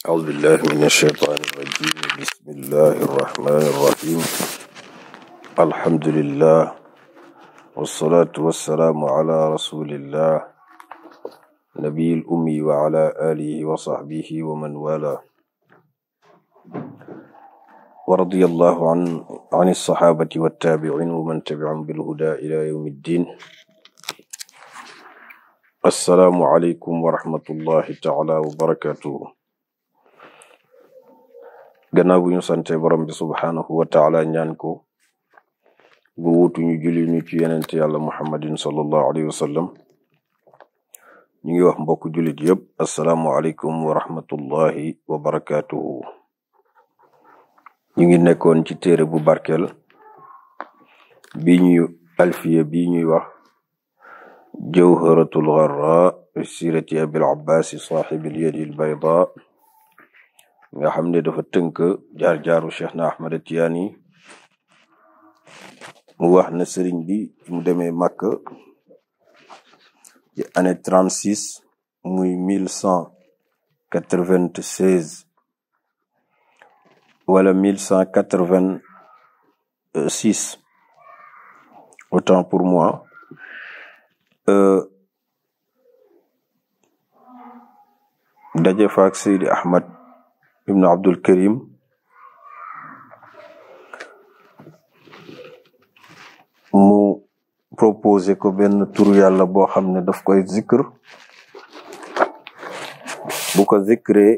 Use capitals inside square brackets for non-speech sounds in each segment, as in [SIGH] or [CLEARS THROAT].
أعوذ بالله من الشيطان الرجيم بسم الله الرحمن الرحيم الحمد لله والصلاة والسلام على رسول الله نبي الأمي وعلى آله وصحبه ومن والاه ورضي الله عن عن الصحابة والتابعين ومن تبعهم بالهدى إلى يوم الدين السلام عليكم ورحمة الله تعالى وبركاته gannaaw bu ñu sante borom bi subhaanahu wa taala ñaan ko bu wutu ñu julli ñu ci yenent yàlla muhammadin sallallahu alayhi wa sallam ñu ngi wax mbokk jullit yëpp asalaamualeykum wa rahmatullahi wa barakaatuhu ñu ngi nekkoon ci téere bu barkel bi ñuy alfiya bi ñuy wax jawharatul gharra sirati abil abbasi saaxibil yadi al bayda nga xam ne dafa tënk jar jaaru Cheikh na Ahmad Tiyaani mu wax na sëriñ bi mu demee mak ci année muy mille cent quatre vingt seize wala mille cent quatre vingt six autant pour moi euh, daje faak Seydi Ahmad ibnu abdul karim mu proposé ko benn turu yàlla boo xam ne daf koy zikr bu ko zikree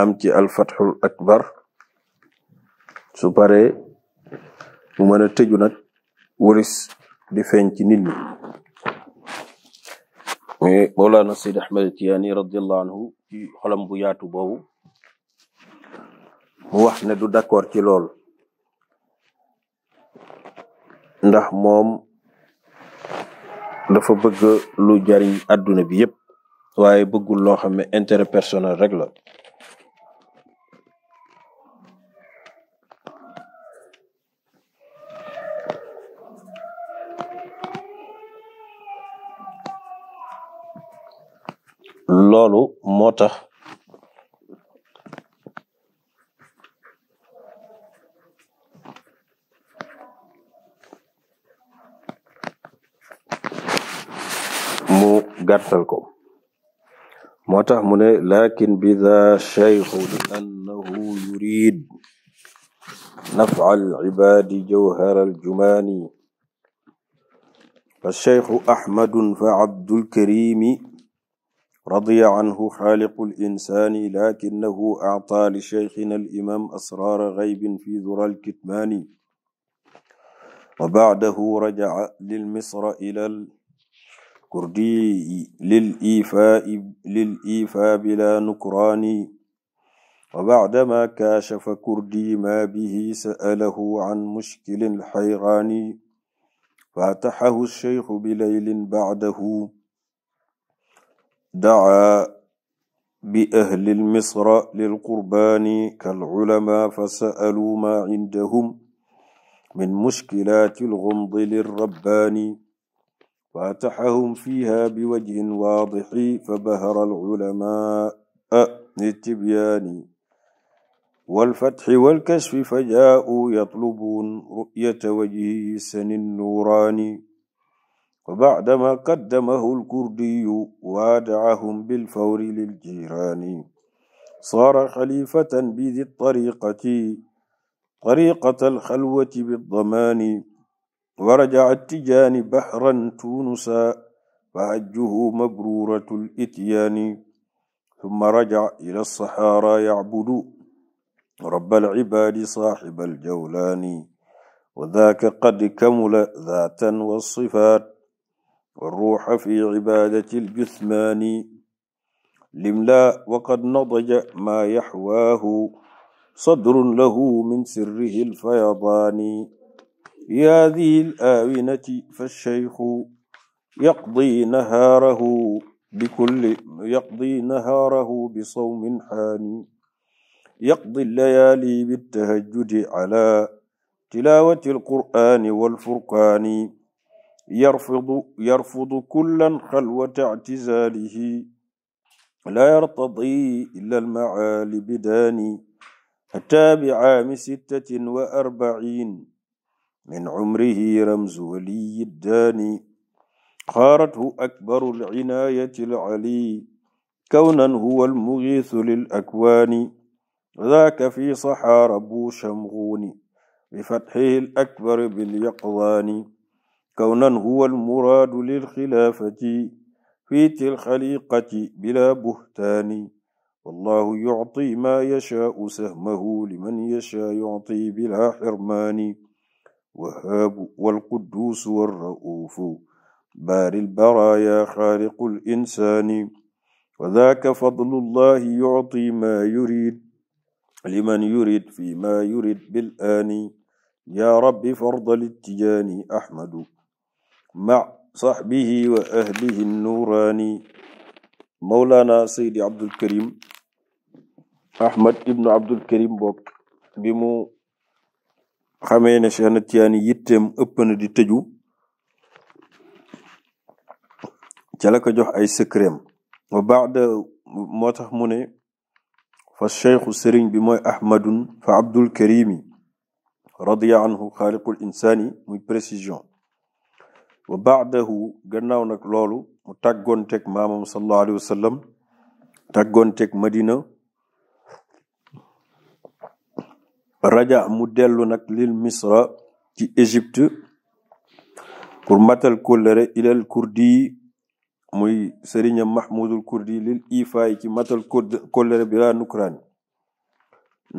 am ci alfathul akbar su pare mu mën a tëju nag waris di feeñ ci nit ñi mais eh, Mawlana Seyd Ahmed Tiyaani radiallahu anhu ci xolam bu yaatu boobu mu wax ne du d'accord ci lool ndax moom dafa bëgg lu jariñ àdduna bi yépp waaye bëggul loo xam ne intérêt personnel rek la tax mu gàttal ko moo tax mu ne lakin bida cheikhu li annahu yurid nafaa alcibaadi jawhara aljumaani fa cheikhu ahmadun fa abdulkarimi radiya anhu xaaliqu linsaani lakinahu actaa li cheikhina alimam asraara gaybin fi zura alkitmaani wa bacdahu rajaca lilmisra ila alkurdiyi liliifaa bila nukraani wa bacdama kaashafa kurdiyi maa bihi sa'alahu can mushkilin xayraani faataxahu cheikhu bilaylin bacdahu dacaa bi ahlil misra lil qurbaani kal culamaa fa sa'aluu maa cindahum min mushkilaatil gumdi lirrabbaani wa ataxahum fiihaa biwajhin waadixi fa baharal culamaa litibyaani walfatxi walkashfi fa jaa'uu yatlubuun ru'yata wajhi sanin nuuraani wa baadama qaddamahu lkurdiyu waadaahum bilfawri liljiraani saara xalifatan bidi tariqati tariqata alxalwati biddamaani wa rajaca tijaani baxran tunusa fahajjuhu mabruratu lityaani summa rajaca ila alsaxaara yacbudu rabba alcibaadi saaxiba aljawlaani wa daaka qad kamula daatan wasifaat والروح في عبادة الجثمان لملا وقد نضج ما يحواه صدر له من سره الفيضان هذه الآونة فالشيخ يقضي نهاره بكل يقضي نهاره بصوم حاني يقضي الليالي بالتهجد على تلاوة القرآن والفرقان yarfudu yarfudu kullan xalwata ictizaalihi laa yartadi illa almacaali bidaani xataa bicaami sittatin wa arbaciin min cumrihi ramzu waliyi daani xaarathu akbaru alcinaayati alcali kawnan huwa almugiisu lilakwaani daaka fi saxaara bu shamguuni bifatxihi alakbar bilyaqdaani kawnan huwa almuraadu lilxilaafati fi tilxaliqati bila buhtaani wallahu yucti maa yashaau sahmahu liman yashaa yucti bila xirmaani wahaabu walquduusu walrauufu baari lbaraaya xaaliqu linsaani wa daaka fadlu llahi yucti maa yurid liman yurid fi maa yurid bil'aani yaa rabbi farda littijaani ahmadu ma saxbihi wa ahlihi nuuraani mawlaana saydi abdul karim ahmad ibnu abdul karim bokk bi mu xamee ne Cheikh Ahmad Tijaani yitteem ëpp na di tëju ca la ko jox ay secret wa baada moo tax mu ne fa cheikhu sëriñ bi mooy ahmadun fa abdul karimi radiya anhu xaaliqul insaani muy précision wa baadahu gannaaw nag loolu mu tàggoonteeg maamam sallallahu alayhi wa sallam tàggoonteeg madina raja mu dellu nag lil misra ci égypte pour matal kóllëre ilal kurdi muy sëriñam mahmudul kurdi lil ifaay ci matal kóllëre bi nukraan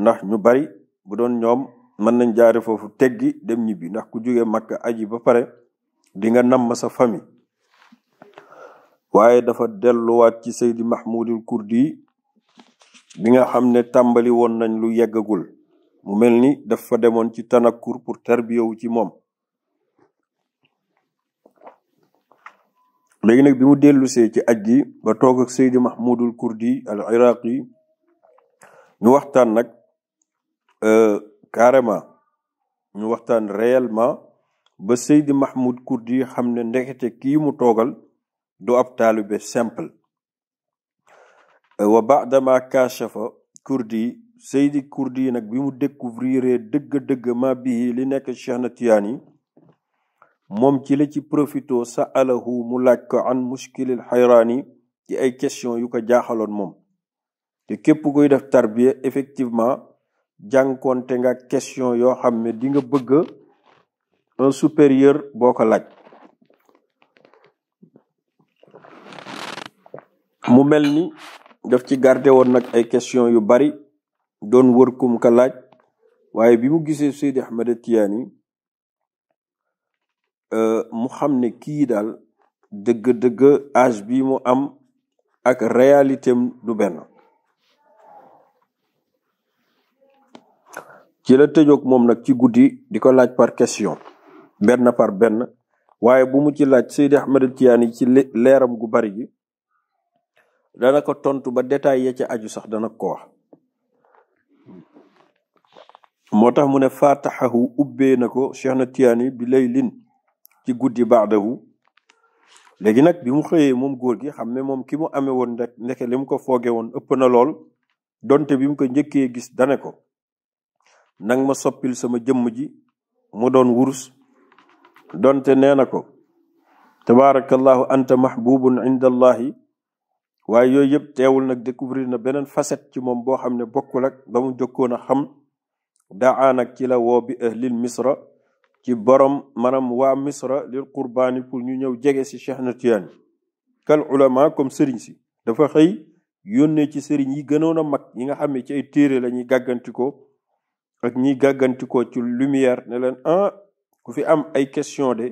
ndax ñu bari bu doon ñoom mën nañ jaare foofu teggi dem ñibbi ndax ku jóge makka aji ba pare dinga nga namm sa famille waaye dafa delluwaat ci Seydi Mahmoudil Kurdi bi nga xam ne tàmbali woon nañ lu yeggagul mu mel ni dafa demoon ci tanakkur pour tarbiyewu ci moom léegi nag bi mu dellusee ci aj gi ba toog ak Seydi Mahmoudul Kurdi al Iraqi ñu waxtaan nag euh, carrément ñu waxtaan réellement ba Seydi Mahmoud Kurdi xam ne ndekete kii mu toogal doo ab taalibe simple wa baadama kaashafa Kurdi Seydi Kurdi nag bi mu découvrir dëgg-dëgg ma bii li nekk Cheikh na Tiyaan yi moom ci la ci profito sa alahu mu laaj ko an muskilil xayraani ci ay question yu ko jaaxaloon moom te képp koy def tarbiya effectivement jànkonte nga question yoo xam ne dinga bëgg un supérieur boo ko laaj mu mel ni daf ci garde woon nag ay question yu bari doon wër kum laaj waaye bi mu gisee Seydi Ahmed Tidiane euh, mu xam ne kii daal dëgg-dëgg âge bi mu am ak réalité am du benn ci la tëjoog moom nag ci guddi di ko laaj par question benn par benn waaye bu mu ci laaj Seydi Ahmad Tiyaani ci leeram gu bari gi dana ko tontu ba détail ya ca aju sax dana ko wax moo tax mu ne faataxahu ubbee na ko Cheikh na Tiyaani bi lay lin ci guddi baadahu léegi nag bi mu xëyee moom góor gi xam ne moom ki mu amee woon rek ndeke li mu ko fooge woon ëpp na lool donte bi mu ko njëkkee gis dane ko nang ma soppil sama jëmm ji mu doon wurus donte nee na ko tabaarakallahu anta mahbubun inda allahi waaye yooy yëpp teewul nag découvrir na beneen facette ci moom boo xam ne bokk ak ba mu jokkoon a xam daa nag ci la woo bi ahlil misra ci borom maanaam waa misra lil qurbaani pour ñu ñëw jege si Cheikh na Tiyaani kal ulama comme sëriñ si dafa xëy yónnee ci sëriñ yi gënoon a mag ñi nga xame ci ay téere la ñuy gàggantikoo ak ñiy gàggantikoo ci lumière ne leen ah ku fi am ay question de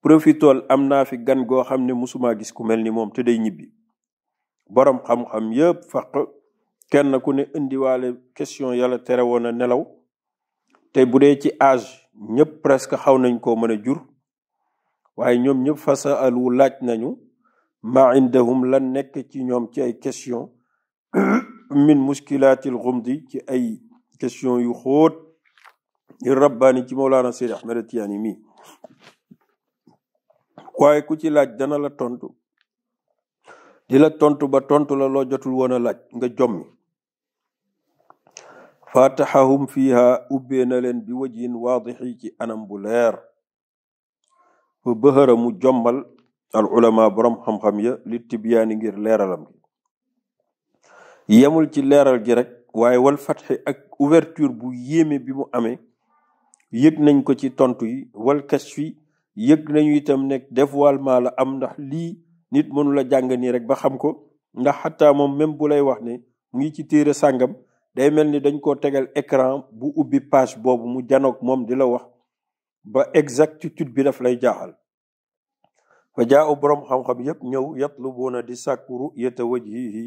profitol am naa fi gan goo xam ne musuma gis ku mel ni moom te day ñibbi borom xam-xam yëpp faq kenn ku ne indiwaale question yàlla tere woon nelaw te bu dee ci âge ñëpp presque xaw nañ ko mën a jur waaye ñoom ñëpp fasaalu laaj nañu ma indahum lan nekk ci ñoom ci ay question [CLEARS THROAT] min muskilaatil xumdi ci ay question yu xóot rabbaani ci Mawlaana Seydi Ahmed Tiyaani mii waaye ku ci laaj dana la tontu di la tontu ba tontu la loo jotul woon laaj nga jommi fatahahum fiha ubbee na leen bi wajin waadixi ci anam bu leer ba bëxëra mu jommal al ulama borom xam-xam ya li tibyaani ngir leeralam gi yemul ci leeral gi rek waaye wal fatxi ak ouverture bu yéeme bi mu amee yëg nañ ko ci tontu yi wal kas wi yëg nañu itam nekk dévoilement la am ndax lii nit mënula la jàng rek ba xam ko ndax xataa moom même bu lay wax ne mu ngi ci téere sàngam day mel ni dañ koo tegal écran bu ubbi page boobu mu janoog moom di la wax ba exactitude bi daf lay jaaxal fa jaaw boroom xam-xam yépp ñëw yatlubuuna di sàkku ru'yata wajhihi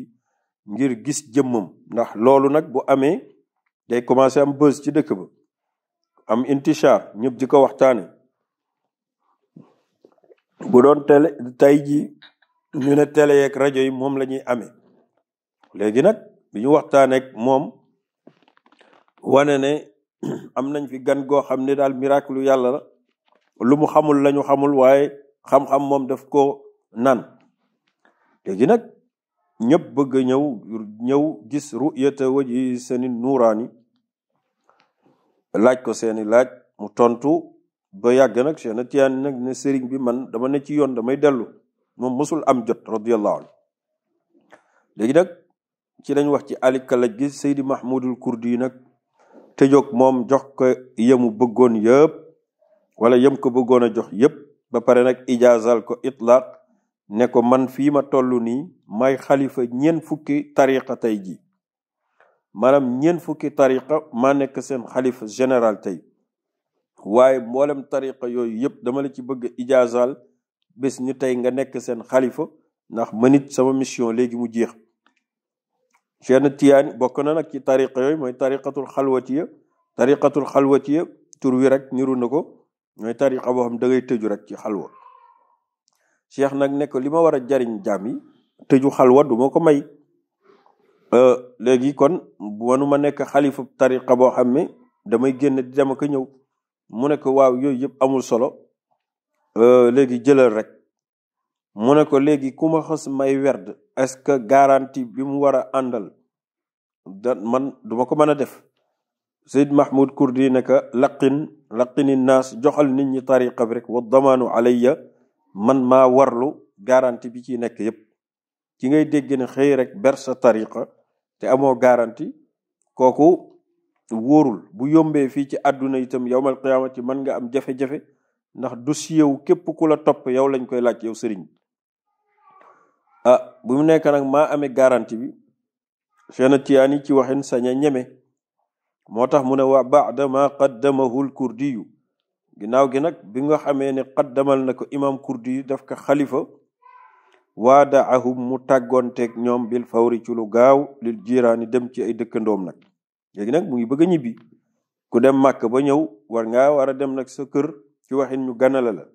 ngir gis jëmmam ndax loolu nag bu amee day commencé am bës ci dëkk ba am intishaar ñëpp di ko waxtaane bu doon télé tey ji ñu ne télé yeeg rajo yi moom lañuy ame amee léegi nag bi ñu waxtaaneek moom wane ne [CLEARS THROAT] am nañ fi gan goo xam ne daal miracle yàlla la lumu xamul lañu xamul waaye xam-xam moom daf ko nan léegi nag ñëpp bëgg a ñëw ñëw gis ru'yata waji seni nuuraani laaj ko seeni laaj mu tontu ba yàgg nag Cheikh na Tijaan nag ne sëriñ bi man dama ne ci yoon damay dellu moom mosul am jot radiyallahu anhu léegi nag ci lañ wax ci ali kalaj gi Seydi Mahmoudul Kurdi yi nag tëjoog moom jox ko yemu bëggoon yëpp wala yem ko bëggoon a jox yëpp ba pare nag ijaazal ko itlaaq ne ko man fii ma toll nii may xalifa ñeent fukki tariqa tey ji maanaam ñeent fukki tariqa maa nekk seen xalifa général tey waaye mboolem tariqa yooyu yëpp dama la ci bëgg ijaazal bés ni tey nga nekk seen xalifa ndax manit sama mission léegi mu jeex Cheikh Tiyaani bokk na nag ci tariqa yooyu mooy tariqatul xalwatiya tariqatul xalwatiya tur wi rek niru na ko mooy tariqa boo xam da tëju rek ci xalwa Cheikh nag nekk li ma war a jariñ jaam yi tëju xalwa du moo ko may Euh, léegi kon wanuma nekk xalifa tariqa boo xam ne damay génn di dem ak a ñëw mu ne ko waaw yooyu yëpp amul solo euh, léegi jëlal rek mu ne ko léegi ku ma xas may werd est-ce que garantie bi mu war a àndal da man duma ko mën a def Seyd Mahmoud Kurdi ne ka laqin laqini naas joxal nit ñi tariqa bi rek wa damaanu alayya man maa warlu garanti bi ci nekk yëpp ci ngay dégg ne xëy rek ber sa tariqa te amoo garanti kooku wóorul bu yombee fii ci àdduna itam yowmal ci man nga am jafe-jafe ndax du wu képp ku la topp yow lañ koy laaj yow sëriñ bi ah bu mu nekk nag ma amee garanti bi Cheikh Tiyaani ci waxin sañ a ñeme moo tax mu ne wa baada ma qaddamahu kurdiyu ginnaaw gi nag bi nga xamee ne qaddamal na ko imam kurdi def ko xalifa waada waadaahum mu tàggoonteeg ñoom bil fawri ci lu gaaw lil jiraani dem ci ay dëkkandoom nag léegi nag mu ngi bëgg a ñibbi ku dem màkk ba ñëw war nga war a dem nag sa kër ci waxin ñu ganale la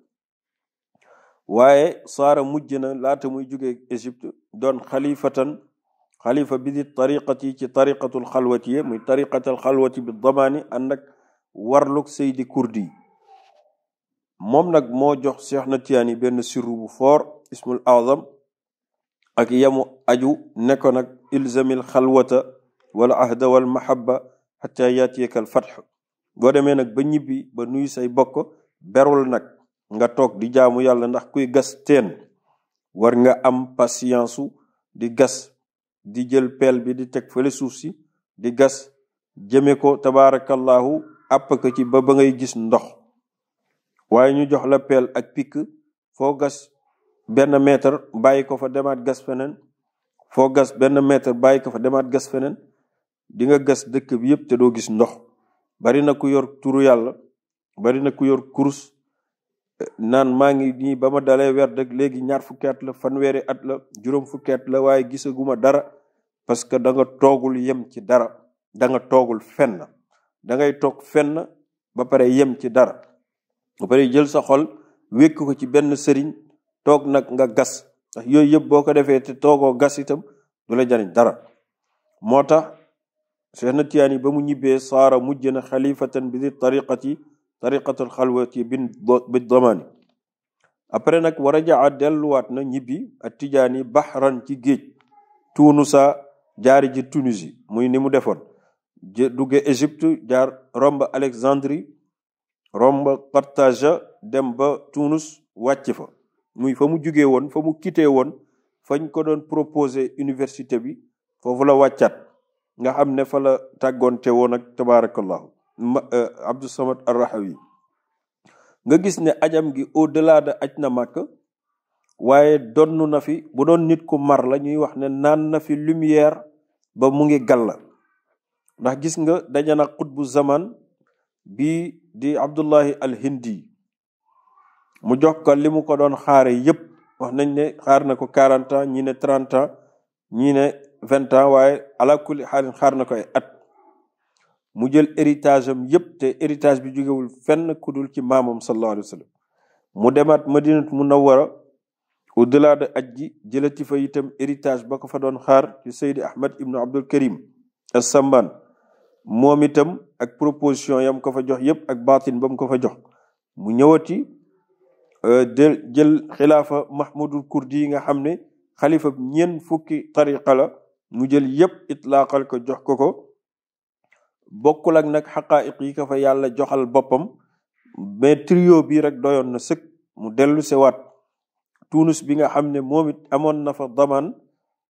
waaye saara mujj na laata muy jógee Égypte doon xalifatan xalifa bi di tariqati ci tariqatul xalwati muy tariqatal xalwati bi damaani ànd ak warluk Seydi Kurdi moom nag moo jox Cheikh na Tiyaani benn sirru bu foor ismul azam ak yamu aju nekkoon ak ilzamil xalwata wala ahda wal mahabba xata fatx boo demee nag ba ñibbi ba nuyu say bokk berul nag nga toog di jaamu yàlla ndax kuy gas teen war nga am patience su di gas di jël peel bi di teg fële suuf si di gas jëme ko tabaarakallahu àpp ko ci ba ba ngay gis ndox waaye ñu jox la peel ak pikk foo gas benn mètre bàyyi ko fa demaat gas feneen foo gas benn mètre bàyyi ko fa demaat gas feneen di nga gas dëkk bi yëpp te doo gis ndox bari na ku yor turu yàlla bari na ku yor kurus naan maa ngi nii ba ma dalee weer rek léegi ñaar fukki at la fanweeri at la juróom fukki at la waaye gisaguma dara parce que da nga toogul yem ci dara da nga toogul fenn da ngay toog fenn ba pare yem ci dara ba pare jël sa xol wékk ko ci benn sëriñ toog nag nga gas ndax yooyu yëpp boo ko defee te toogoo gas itam du la jariñ dara moo tax Cheikh na Tiyaani ba mu ñibbee saara mujj na xalifatan bi di tariqati tariqatul xalwati bin bi domaani après nag war a jaa delluwaat na ñibbi ak Tijaani baxran ci géej tuunusa jaari ji Tunisie muy ni mu defoon dugge Égypte jaar romb Alexandrie romb Carthage dem ba Tunus wàcc fa muy fa mu jugee woon fa mu quitté woon fañ ko doon proposé université bi foofu la wàccaat nga xam ne fa la tàggoonte woon ak tabaarakallahu euh, Abdou Samad Arrahawi nga gis ne ajam gi au delà de aj na makk waaye donn na fi bu doon nit ku mar la ñuy wax ne naan na fi lumière ba mu ngi gàlla ndax gis nga daje na xutbu zaman bi di Abdullahi al Hindi mu jox ko li mu ko doon xaare yëpp wax nañ ne xaar na ko quarante ans ñii ne trente ans ñii ne vingt ans waaye ala kulli xaar na ko ay at mu jël héritage am yëpp te héritage bi jógewul fenn ku dul ci maamam sallallahu alayhi wa sallam mu demaat madinatu munawwara au delà de aj ji jëlati fa itam héritage ba ko fa doon xaar ci Seydi Ahmed ibnu Abdul Karim as-Samban moom itam ak proposition yam ko fa jox yëpp ak baatin ba mu ko fa jox mu ñëwati Euh, del jël xilaafa mahmudul kurdi yi nga xam ne xalifa ñeen fukki tariqa la mu jël yépp itlaaqal ko jox ko ko bokkul ak nag xaqaayiq yi ko fa yàlla joxal boppam mais trio bi rek doyoon na sëkk mu dellu sewaat tunus bi nga xam ne moom it amoon na fa daman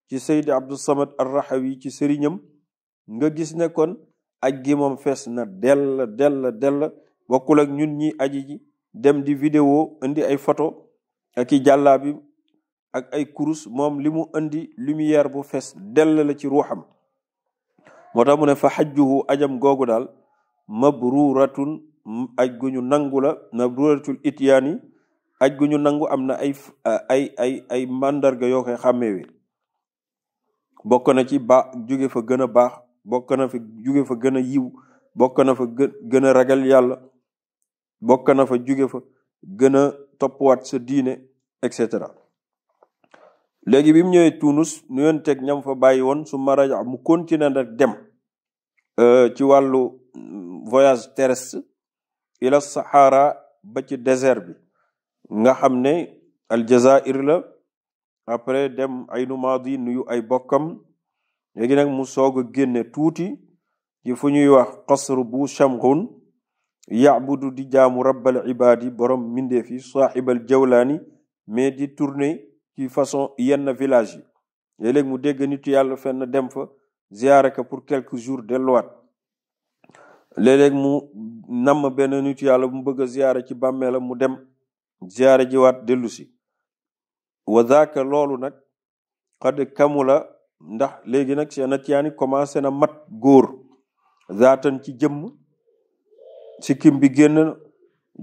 ci Seydi Abdou Samad Arrahawi ci sëriñam nga gis ne kon aj gi moom fees na dell dell dell bokkul ak ñun ñi aji ji dem di vidéo indi ay photo aki jàllaabi ak ay kurus moom limu indi lumière bu fees dell la ci ruuxam moo tax mu ne fa xajjuhu ajam googu daal mabruratun aj gu ñu nangu la mabruratul ityaani aj gu ñu nangu am na ay màndarga yoo koy xàmmeewe bokk na ci baax jóge fa gën a baax bokk fa jóge fa gën yiw bokk na fa gën a ragal yàlla bokk na fa jóge fa gën a toppwaat sa diine et cetera léegi bi mu ñëwee Tunus teg ñam fa bàyyi woon su maraja mu continuer rek dem euh, ci wàllu mm, voyage terrestre ila Sahara ba ci désert bi nga xam ne Aljazair la après dem Aynu Maadi nuyu ay bokkam léegi nag mu soog a génne tuuti ci fu ñuy wax qasr bu Shamghun yaabudu di jaamu rabbal ibaadi borom mbindeef yi saaxibal jawlaani mais di tourner ci façon yenn village yi léeg mu dégg nitu yàlla fenn dem fa ziyaare ko pour quelques jours delluwaat léeg-léeg mu nam benn nitu yàlla mu bëgg a ziyaare ci bàmmeelam mu dem ziyaare jiwaat dellu si wa zaaka loolu nag xad kamula ndax léegi nag seen atiyaani commencé na mat góor zaatan ci jëmm sikkim bi génn na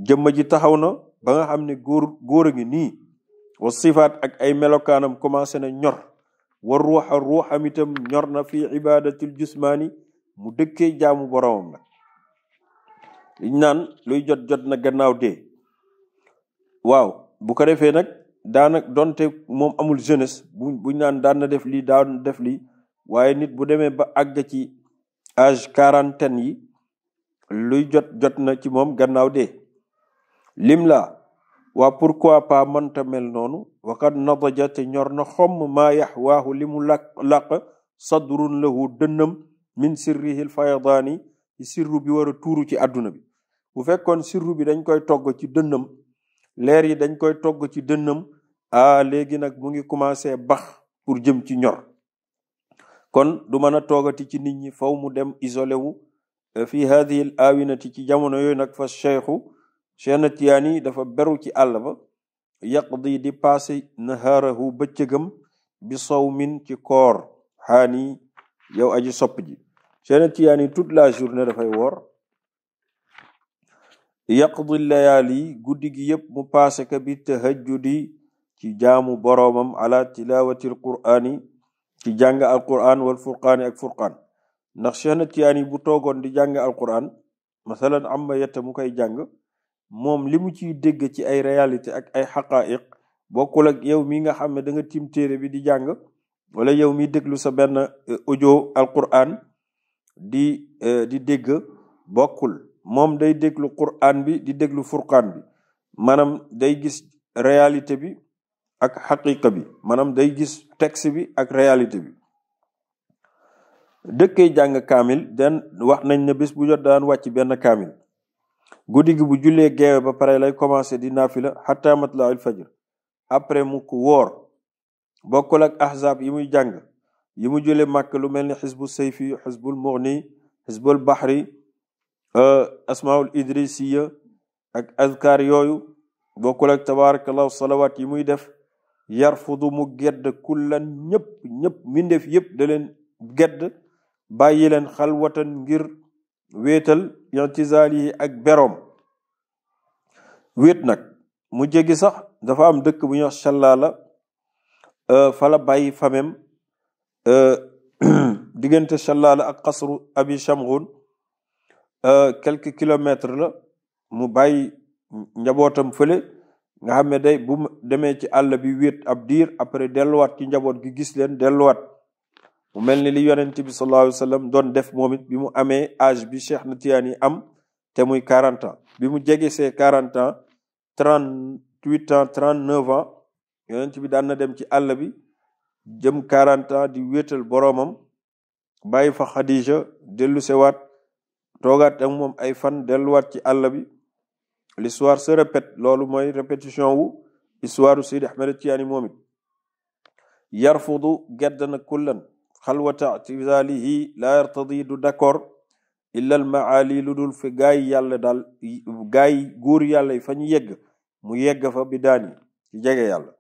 jëmm ji taxaw na ba nga xam ne góor góor a ngi nii wa sifaat ak ay melokaanam commencé na ñor war ruuxa ruuxam itam ñor na fi ibadatil jusmaani mu dëkkee jaamu boromam nag liñ naan luy jot jot na gannaaw dee waaw bu ko defee nag daana donte moom amul jeunesse bu buñ naan daan def lii daan def lii waaye nit bu demee ba àgg ci âge quarantaine yi luy jot jot na ci moom gannaaw de lim la waa pourquoi pas manta mel noonu waxat nadaja te ñor na xomm maa yax waaxu li mu làq làq sadrun lahu dënnam min sirrihil fayadaani sirru bi war a tuuru ci àdduna bi bu fekkoon sirru bi dañ koy togg ci dënnam leer yi dañ koy togg ci dënnam ah léegi nag mu ngi commencé bax pour jëm ci ñor kon du mën a toogati ci nit ñi fow mu dem isolé wu fi hadihi al aawinati ci jamono yooyu nag fa cheikhu cheikh na tiyaani dafa beru ci àll ba yaqdi di passé nahaarahu bëccëgam bi sawmin ci koor xaani yow aji sopp ji cheikh na tiyaani toute la journée dafay woor yaqdi layaali guddi gi yëpp mu passé ka bi tahajjudi ci jaamu boroomam ala tilawati al qur'ani ci jàng al qur'an wal furqaani ak furqaan ndax Cheikh na Tijaan bu toogoon di jàng alquran masalan am ma yetta mu koy jàng moom li mu ciy dégg ci ay réalité ak ay xaqaayiq bokkul ak yow mi nga xam ne da nga tiim téere bi di jàng wala yow mi déglu sa benn eh, audio alquran di eh, di dégg bokkul moom day déglu quran bi di déglu furqaan bi maanaam day gis réalité bi ak xaqiqa bi maanaam day gis texte bi ak réalité bi dëkkee jàng kaamil den wax nañ ne bés bu jot daan wàcc benn kaamil guddi gi bu jullee geewe ba pare lay commencé di naafila xataa matlaul fajr après mu ko woor bokkul ak ahzab yi muy jàng yi mu jëlee màkk lu mel ni xisbu sayfi xisbul mughni xisbul baxri euh, asmaul idrisiya ak azkar yooyu bokkul ak tabarakallahu salawaat yi muy def yarfudu mu gedd kullan ñëpp ñëpp mbindeef yëpp da gedd bàyyi leen xal xalwatan ngir wéetal yantizaal yi ak beroom wéet nag mu jegi sax dafa am dëkk bu ñuy wax Chalaala euh, fala bàyyi famem euh, [CLEARS THROAT] diggante salaala ak xasru abi Chamroun euh, quelques kilomètres la mu bàyyi njabootam fële nga xam ne day bu demee ci àll bi wéet ab diir après delluwaat ci njaboot gi gis leen delluwaat mu mel ni li yonent bi sallallahu alayhi wa sallam doon def moomit bi mu amee âge bi Cheikh na Tidiane am te muy 40 bi mu jege see 40 ans 38 ans 39 ans yonent bi daan na dem ci àll bi jëm 40 di wéetal boroomam bàyyi fa Khadija dellu sewaat toogaat ak moom ay fan delluwaat ci àll bi l'histoire se loolu mooy répétition wu histoire u Seydi Ahmed Tidiane moom it yarfudu gedd na kullan xalwata i'tizaalihi laa yartadi du d'accord illa al maali lu dul fi gaay yàlla daal gaay góor yàlla yi fa ñu yegg mu yegg fa bi daani ci jege yàlla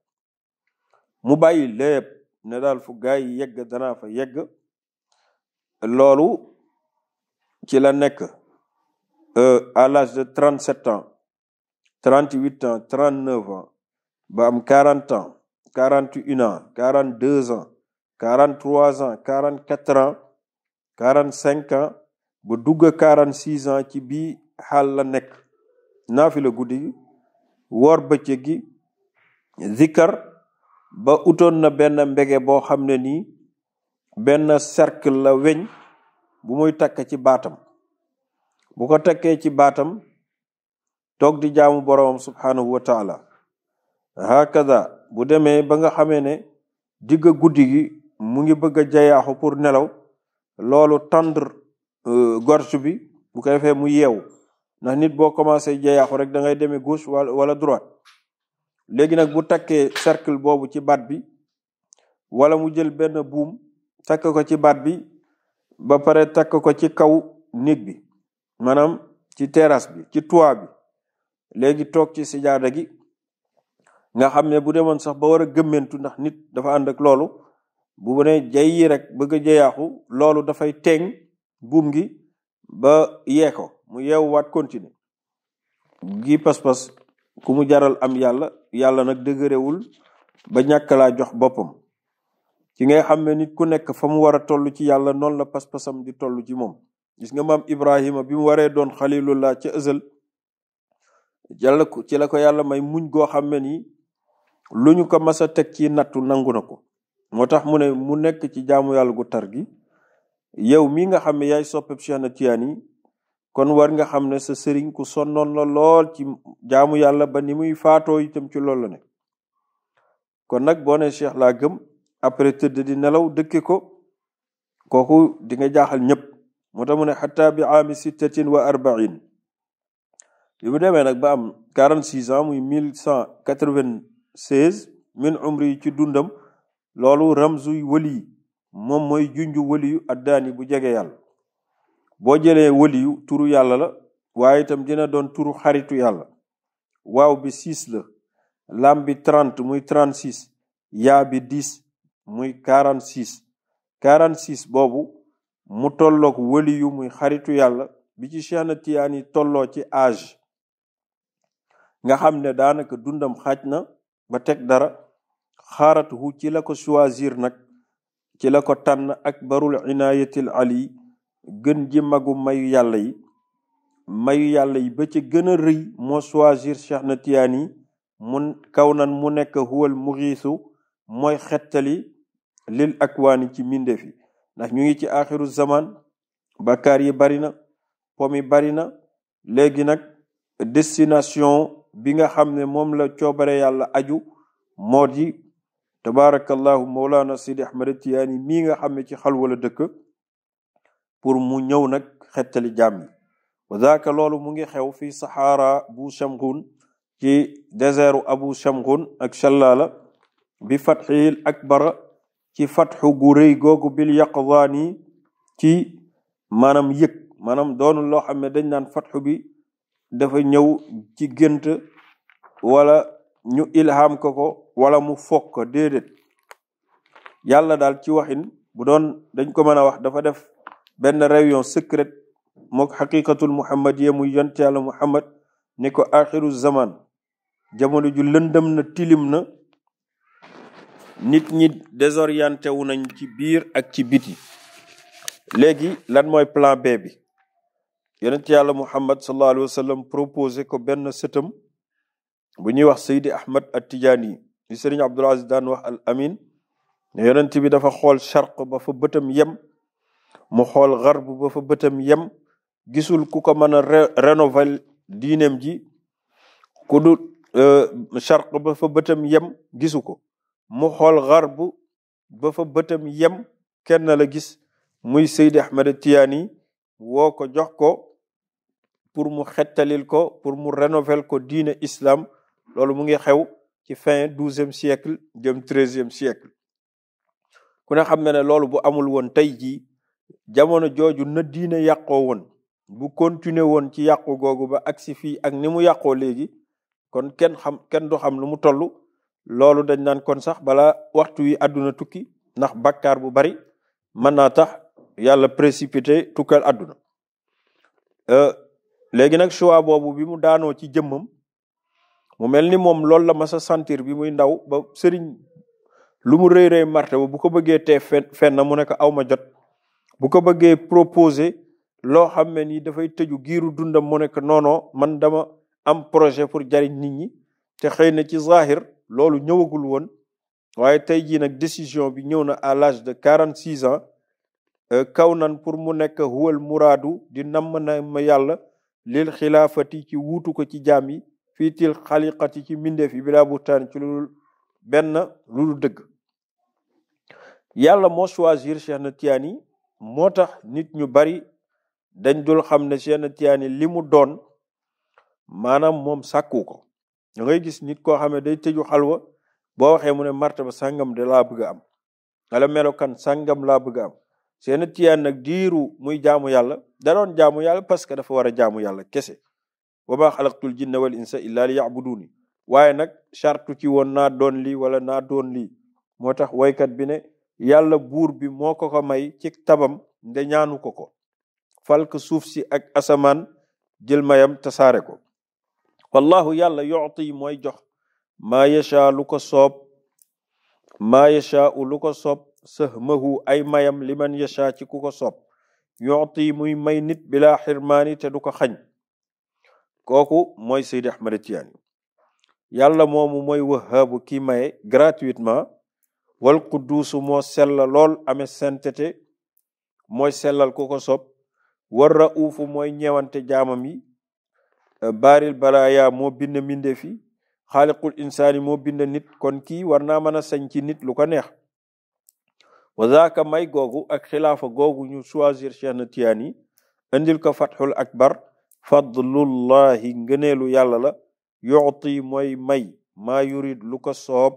mu bàyyi lépp ne daal fu gaay yegg danaa fa yegg loolu ci la nekk euh, à l'âge de trente sept ans trente huit ans trente neuf ans ba quarante ans quarante un ans quarante trois ans quarante quatre ans quarante cinq ans ba dugg a quarante six ans ci bii xaal la nekk naafila guddi gi woor bëccëg gi zikar ba utoon benn mbege boo xam ne nii benn cercle la weñ bu muy takk ci baatam bu ko takkee ci baatam toog di jaamu borom subhaanahu wa taala hakada bu demee ba nga xamee ne digg guddi gi mu ngi bëgg a jayaaxu pour nelaw loolu tendre euh, gorge bi bu ko defee mu yeew ndax nit boo commencé jayaaxu rek da ngay demee gauche wala droite léegi nag bu takkee cercle boobu ci baat bi wala mu jël benn buum takk ko ci baat bi ba pare takk ko ci kaw nit bi maanaam ci terrasse bi ci toit bi léegi toog ci sijaada gi nga xam ne bu demoon sax ba war a gëmmentu ndax nit dafa ànd ak loolu bu bu ne yi rek bëgg a jayaaxu loolu dafay teeŋ buum ngi ba yee ko mu yeewuwaat continue gi pas-pas ku mu jaral am yàlla yàlla nag dëgërewul ba ñàkk laa jox boppam ci ngay xam ne nit ku nekk fa mu war a toll ci yàlla noonu la pas-pasam di tollu ci moom gis nga maam Ibrahima bi mu waree doon xalilullah ca ësal jàll ko ci la ko yàlla may muñ goo xam ne nii lu ñu ko masa teg ci nattu nangu na ko moo tax mu ne mu nekk ci jaamu yàlla gu tar gi yow mii nga xam ne yaay soppeeb Cheikh na Tijaan yi kon war nga xam ne sa sëriñ ku sonnoon la lool ci jaamu yàlla ba ni muy faatoo itam ci loolu la kon nag boo ne Cheikh laa gëm après tëdd di nelaw dëkke ko kooku di nga jaaxal ñëpp moo tax mu ne xataa bi aami sittatin wa arbain bi mu demee nag ba am quarante six ans muy mille cent quatre vingt seize min umri yi ci dundam loolu ramzu wëli moom mooy junju wëliyu addaani bu jege yàlla boo jëlee wëliyu turu yàlla la waaye itam dina doon turu xaritu yàlla waaw bi six la lam bi trente muy trente six yaa bi dix muy quarante six quarante six boobu mu tolloog wëliyu muy xaritu yàlla bi ci Cheikh Tiyaani tolloo ci age nga xam ne daanaka dundam xaaj na ba teg dara xaaratuhu ci la ko choisir nag ci la ko tànn ak barul inaayatil ali gën ji magu mayu yàlla yi mayu yàlla yi ba ci gën a rëy moo choisir Cheikh na Tijaan yi mu kaw nan mu nekk huwal muxiisu mooy xettali lil ak akwaani ci mbindeef yi ndax ñu ngi ci axiru zaman bakkaar yi bari na pom bari na léegi nag destination bi nga xam ne moom la coobare yàlla aju moo di tabarakallahu mawlaana sidi ahmad tiyaani mii nga xam ne ci xal wala dëkk pour mu ñëw nag xettali jàmm yi wa daaka loolu mu ngi xew fii saxaara bu shamkhun ci désertu abu shamkhun ak shallala bi fatxil akbara ci fatxu gu rëy googu bil yaqdaani ci maanaam yëg maanaam doonul loo xam ne dañ naan fatxu bi dafa ñëw ci gént wala ñu ilham ko ko wala mu foog ko déedéet yàlla daal ci waxin bu doon dañ ko mën a wax dafa def benn réunion secrète mook xaqiqatul muhammad yee muy yonte yàlla muhammad ni ko axiru zaman jamono ju lëndëm na tilim na nit ñi désorienté wu nañ ci biir ak ci biti léegi lan mooy plan B bi yonent yàlla muhammad sallallahu alayhi wa sallam proposé ko benn sëtam bu ñuy wax Seydi Ahmad At-Tijaani yi sëriñ Abdul Aziz daan wax al amin ne yonent bi dafa xool charq ba fa bëtam yem mu xool garb ba fa bëtam yem gisul ku ko mën a rénover diineem ji ku du charq euh, ba fa bëtam yem gisu ko mu xool garb ba fa bëtam yem kenn la gis muy Seydi Ahmad At-Tijaani woo ko jox ko pour mu xettalil ko pour mu rénover ko diine islam loolu mu ngi xew ci fin douzième siècle jëm treizième siècle ku ne xam ne ne loolu bu amul woon tey jii jamono jooju na diine yàqoo woon bu continuer woon ci yàqu googu ba agsi fii ak ni mu yàqoo léegi kon kenn xam kenn du xam lu mu toll loolu dañ naan kon sax bala waxtu wi àdduna tukki ndax bakkaar bu bari mën naa tax yàlla précipité tukkal àdduna euh, léegi nag choix boobu bi mu daanoo ci jëmmam mu mel ni moom loolu la mas sentir bi muy ndaw ba sëriñ lu mu rëy rëy marte ba bu ko bëggee tee fenn mu nekk aw ma jot bu ko bëggee proposer loo xam ne ni dafay tëju giiru dundam mu nekk noonoo man dama am projet pour jariñ nit ñi te xëy na ci zahir loolu ñëwagul woon waaye tey jii nag décision bi ñëw na à lage de quarante six ans euh, kaw nan pour mu nekk huwal muraadu di namm ma yàlla lil xilaafati ci wuutu ko ci jaam yi fii til xaliqati ci mbindeef yi bilaa butaan ci lu benn lu dul dëgg yàlla moo choisir Cheikh na moo tax nit ñu bari dañ dul xam ne Cheikh na Tiyaani li mu doon maanaam moom sàkku ko da ngay gis nit koo xam ne day tëju xalwa boo waxee mu ne ba sàngam de laa bëgg am wala melokan sangam laa bëgg am Cheikh na Tiyaan nag diiru muy jaamu yàlla da doon jaamu yàlla parce que dafa war a jaamu yàlla kese wa maa xalaqtul jinna wal insa illa li yabuduni waaye nag chartu ci woon naa doon lii wala naa doon li moo tax waykat bi ne yàlla buur bi moo ko ko may ci tabam nde ñaanu ko ko falk suuf si ak asamaan jël mayam tasaare ko wallahu yàlla yuti mooy jox maa yasha lu ko soob maa yasha lu ko soob sahmahu ay mayam liman yasha ci ku ko soob yuti muy may nit bila xirmaani te du ko xañ kooku mooy Seydi Ahmad Tijaani yàlla moomu moy wahaabu ki maye gratuitement wal qudduusu moo sella lool amee sainteté mooy sellal ku ko sob war rauufu mooy ñewante jaamam yi euh, baaril balaaya moo bind mbinde fi xaaliqul insaani moo bind nit kon kii war naa mën a sañ nit lu ko neex wa may googu ak xilaafa googu ñu choisir Cheikh na Tijaani indil ko fathul akbar fadlullahi ngëneelu yàlla la yuti mooy may ma yurid lu ko soob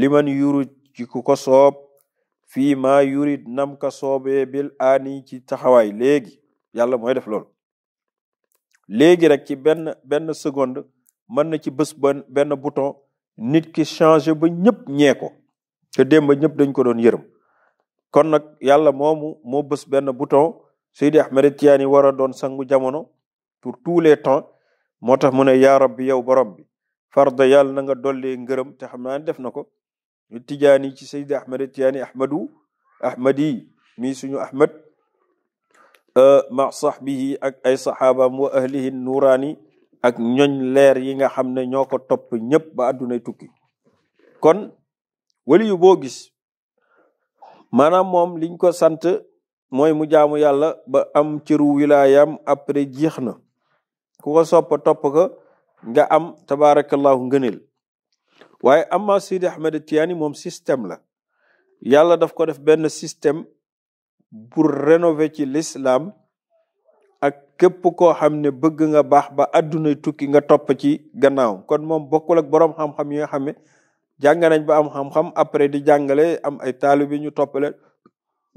liman yurid ci ku ko soob fii maa yurid nam ka soobee bil aani ci taxawaay léegi yàlla mooy def loolu léegi rek ci benn benn seconde mën na ci bés benn benn bouton nit ki changé ba ñëpp ñee ko te démb ba ñëpp dañ ko doon yërëm kon nag yàlla moomu moo bës benn bouton Seydi Ahmed Tijaani war a doon sangu jamono pour tout les temps moo tax mu ne yaa rabbi yow borom bi farda yàlla na nga dollee ngërëm te xam naa def na ko ñu tijaani ci saydi ahmad tijaani ahmadu ahmadi mii suñu ahmad euh, ma sahbihi ak ay saxaabaam wa ahlihi nuuraani ak ñoñ leer yi nga xam ne ñoo ko topp ñëpp ba addunay tukki kon wali yu gis maanaam moom liñ ko sant mooy mu jaamu yàlla ba am ciru wilaayam après jeex na ku ko soppa topp ko nga am tabaarakallahu ngëneel waaye amma Sidi Ahmed Tiyaani moom système la yàlla daf ko def benn système pour rénover ci l'islam ak képp koo xam ne bëgg nga baax ba adduna tukki nga topp ci gannaaw kon moom bokkul ak borom xam-xam yi nga xam ne jàng nañ ba am xam-xam après di jàngale am ay taalibe ñu topp leen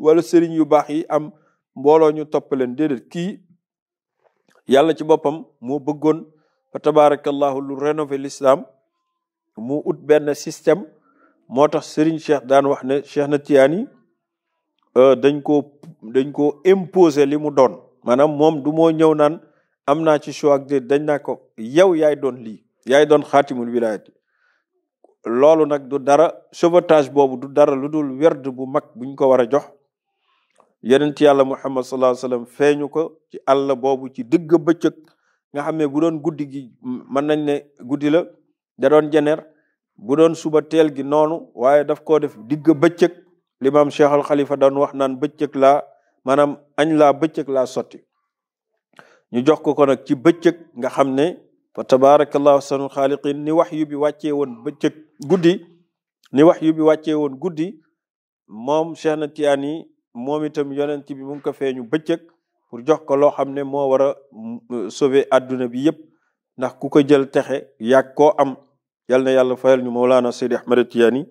wala sëriñ yu baax yi am mbooloo ñu topp leen déedéet kii yàlla ci boppam moo bëggoon fa tabarakallahu lu rénové l'islam mu ut benn système moo tax Serigne Cheikh daan wax ne Cheikh na Tiyaani euh, dañ ko dañ koo imposer li mu doon maanaam moom du moo ñëw naan am naa ci choix ak dañ naa ko yow yaay doon lii yaay doon xaatimul wilaayati loolu nag du dara sauvetage boobu du dara lu dul werd bu mag buñ ko war a jox yonent yàlla muhammad sallallahu alayhi wasallam feeñu ko ci àll boobu ci digg bëccëg nga xam ne bu doon guddi gi mën nañ ne guddi la da doon jeneer bu doon suba teel gi noonu waaye daf koo def digg bëccëg limaam cheikh al xalifa doon wax naan bëccëg laa maanaam añ laa bëccëg laa sotti ñu jox ko ko nag ci bëccëg nga xam ne fa tabaarakallahu ahsanul xaaliqin ni wax yu bi wàccee woon bëccëg guddi ni wax yu bi wàccee woon guddi moom cheikh na tiyaani moom itam yonent bi mu ngi ko feeñu bëccëg pour jox ko loo xam ne moo war a euh, sauver adduna bi yëpp ndax ku ko jël texe yàgg koo am yal na yàlla fayal ñu Mawlana Seydi Ahmad Tiyaani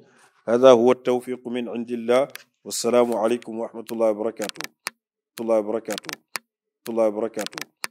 hada huwa tawfiqu min indillah wassalaamu aleykum wa rahmatullahi wa barakatuh wa rahmatullahi wa barakatuh wa rahmatullahi wa barakatuh